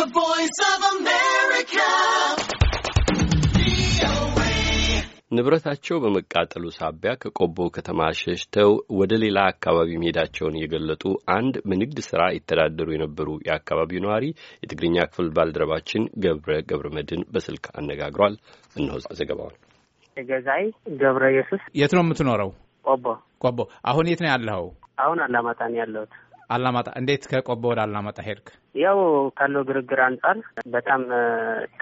The Voice of America. ንብረታቸው በመቃጠሉ ሳቢያ ከቆቦ ከተማ ሸሽተው ወደ ሌላ አካባቢ መሄዳቸውን የገለጡ አንድ በንግድ ስራ ይተዳደሩ የነበሩ የአካባቢው ነዋሪ የትግርኛ ክፍል ባልደረባችን ገብረ ገብረ መድን በስልክ አነጋግሯል። እነሆ ዘገባውን። ገዛይ ገብረ ኢየሱስ። የት ነው የምትኖረው? ቆቦ። ቆቦ። አሁን የት ነው ያለኸው? አሁን አላማጣን ያለሁት። አላማጣ እንዴት ከቆቦ ወደ አላማጣ ሄድክ? ያው ካለው ግርግር አንጻር በጣም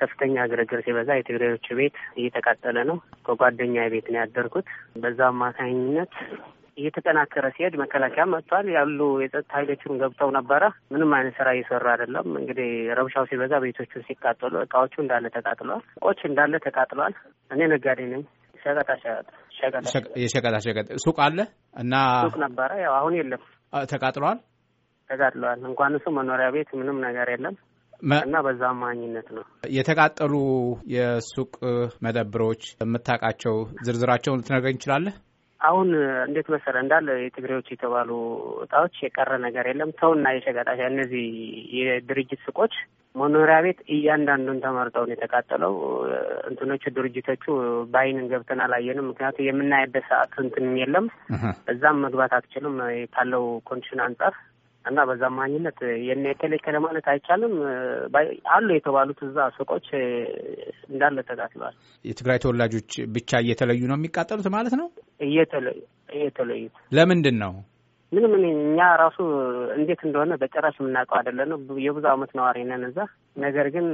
ከፍተኛ ግርግር ሲበዛ የትግራዮች ቤት እየተቃጠለ ነው። ከጓደኛ ቤት ነው ያደርኩት። በዛ አማካኝነት እየተጠናከረ ሲሄድ መከላከያ መጥቷል። ያሉ የጸጥታ ኃይሎችም ገብተው ነበረ። ምንም አይነት ስራ እየሰሩ አይደለም። እንግዲህ ረብሻው ሲበዛ ቤቶቹ ሲቃጠሉ፣ እቃዎቹ እንዳለ ተቃጥለዋል። ቆች እንዳለ ተቃጥለዋል። እኔ ነጋዴ ነኝ። ሸቀጣ የሸቀጣሸቀጥ ሱቅ አለ እና ሱቅ ነበረ። ያው አሁን የለም ተቃጥለዋል። ተጋድለዋል። እንኳን እሱ መኖሪያ ቤት ምንም ነገር የለም እና በዛ አማኝነት ነው የተቃጠሉ የሱቅ መደብሮች የምታውቃቸው ዝርዝራቸውን ልትነግረኝ ይችላለህ? አሁን እንዴት መሰለህ እንዳለ የትግሬዎች የተባሉ እጣዎች የቀረ ነገር የለም። ሰውና የሸቀጣሻ እነዚህ የድርጅት ሱቆች መኖሪያ ቤት እያንዳንዱን ተመርጠውን የተቃጠለው እንትኖቹ ድርጅቶቹ በአይንን ገብተን አላየንም። ምክንያቱ የምናየበት ሰዓት እንትንም የለም። እዛም መግባት አትችልም ካለው ኮንዲሽን አንጻር እና በዛማኝነት የኔ ማለት አይቻልም። አሉ የተባሉት እዛ ሱቆች እንዳለ ተቃጥለዋል። የትግራይ ተወላጆች ብቻ እየተለዩ ነው የሚቃጠሉት ማለት ነው። እየተለዩት ለምንድን ነው? ምንም እኛ ራሱ እንዴት እንደሆነ በጭራሽ የምናውቀው አይደለ ነው። የብዙ አመት ነዋሪ ነን እዛ። ነገር ግን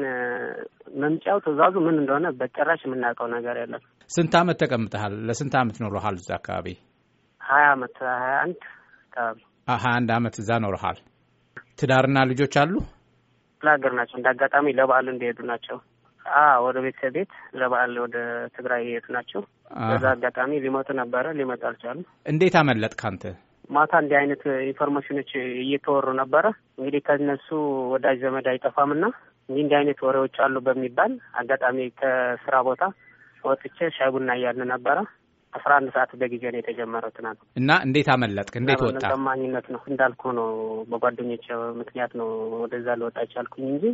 መምጫው ትእዛዙ ምን እንደሆነ በጭራሽ የምናውቀው ነገር የለም። ስንት አመት ተቀምጠሃል? ለስንት አመት ኖረሃል እዛ አካባቢ? ሀያ አመት ሀያ አንድ አካባቢ ሀያ አንድ አመት እዛ ኖረሃል። ትዳርና ልጆች አሉ? ለሀገር ናቸው። እንደ አጋጣሚ ለበዓል እንደሄዱ ናቸው። ወደ ቤተሰብ ቤት ለበዓል ወደ ትግራይ የሄዱ ናቸው። በዛ አጋጣሚ ሊመጡ ነበረ፣ ሊመጡ አልቻሉ። እንዴት አመለጥ ካንተ? ማታ እንዲህ አይነት ኢንፎርሜሽኖች እየተወሩ ነበረ። እንግዲህ ከነሱ ወዳጅ ዘመድ አይጠፋም እና እንዲህ አይነት ወሬዎች አሉ በሚባል አጋጣሚ ከስራ ቦታ ወጥቼ ሻይ ቡና እያልን ነበረ አስራ አንድ ሰዓት በጊዜ ነው የተጀመረው ትናንት። እና እንዴት አመለጥክ? እንዴት ወጣ? ቀማኝነት ነው እንዳልኩ ነው። በጓደኞች ምክንያት ነው ወደዛ ልወጣ ቻልኩኝ እንጂ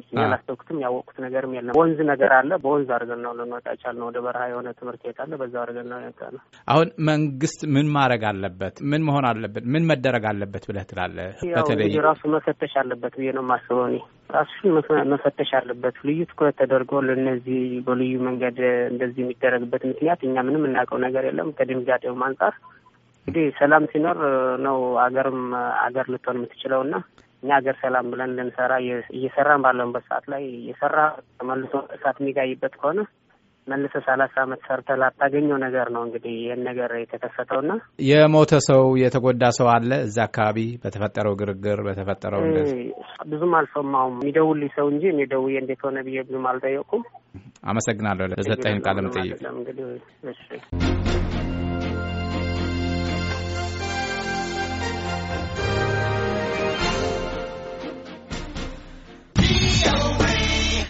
እኔ ያወቅኩት ነገርም የለም። በወንዝ ነገር አለ። በወንዝ አድርገን ነው ልንወጣ ቻል ነው። ወደ በረሃ የሆነ ትምህርት ቤት አለ። በዛ አድርገን ነው ያወጣ ነው። አሁን መንግስት ምን ማድረግ አለበት? ምን መሆን አለበት? ምን መደረግ አለበት ብለህ ትላለህ? በተለይ ራሱ መፈተሽ አለበት ብዬ ነው የማስበው እኔ ራሱሽን መፈተሽ አለበት። ልዩ ትኩረት ተደርጎ ለእነዚህ በልዩ መንገድ እንደዚህ የሚደረግበት ምክንያት እኛ ምንም እናውቀው ነገር የለም። ከድንጋጤውም አንጻር እንግዲህ ሰላም ሲኖር ነው አገርም አገር ልትሆን የምትችለው እና እኛ ሀገር ሰላም ብለን ልንሰራ እየሰራን ባለንበት ሰዓት ላይ እየሰራ ተመልሶ እሳት የሚጋይበት ከሆነ መልሰ ሰላሳ አመት ሰርተ ላታገኘው ነገር ነው እንግዲህ ይህን ነገር የተከሰተው ና የሞተ ሰው የተጎዳ ሰው አለ እዛ አካባቢ በተፈጠረው ግርግር በተፈጠረው ብዙም አልሰማውም የሚደውልኝ ሰው እንጂ እኔ ደውዬ እንዴት ሆነ ብዬ ብዙም አልጠየቁም። አመሰግናለሁ ለሰጠኝ ቃለ መጠይቅ።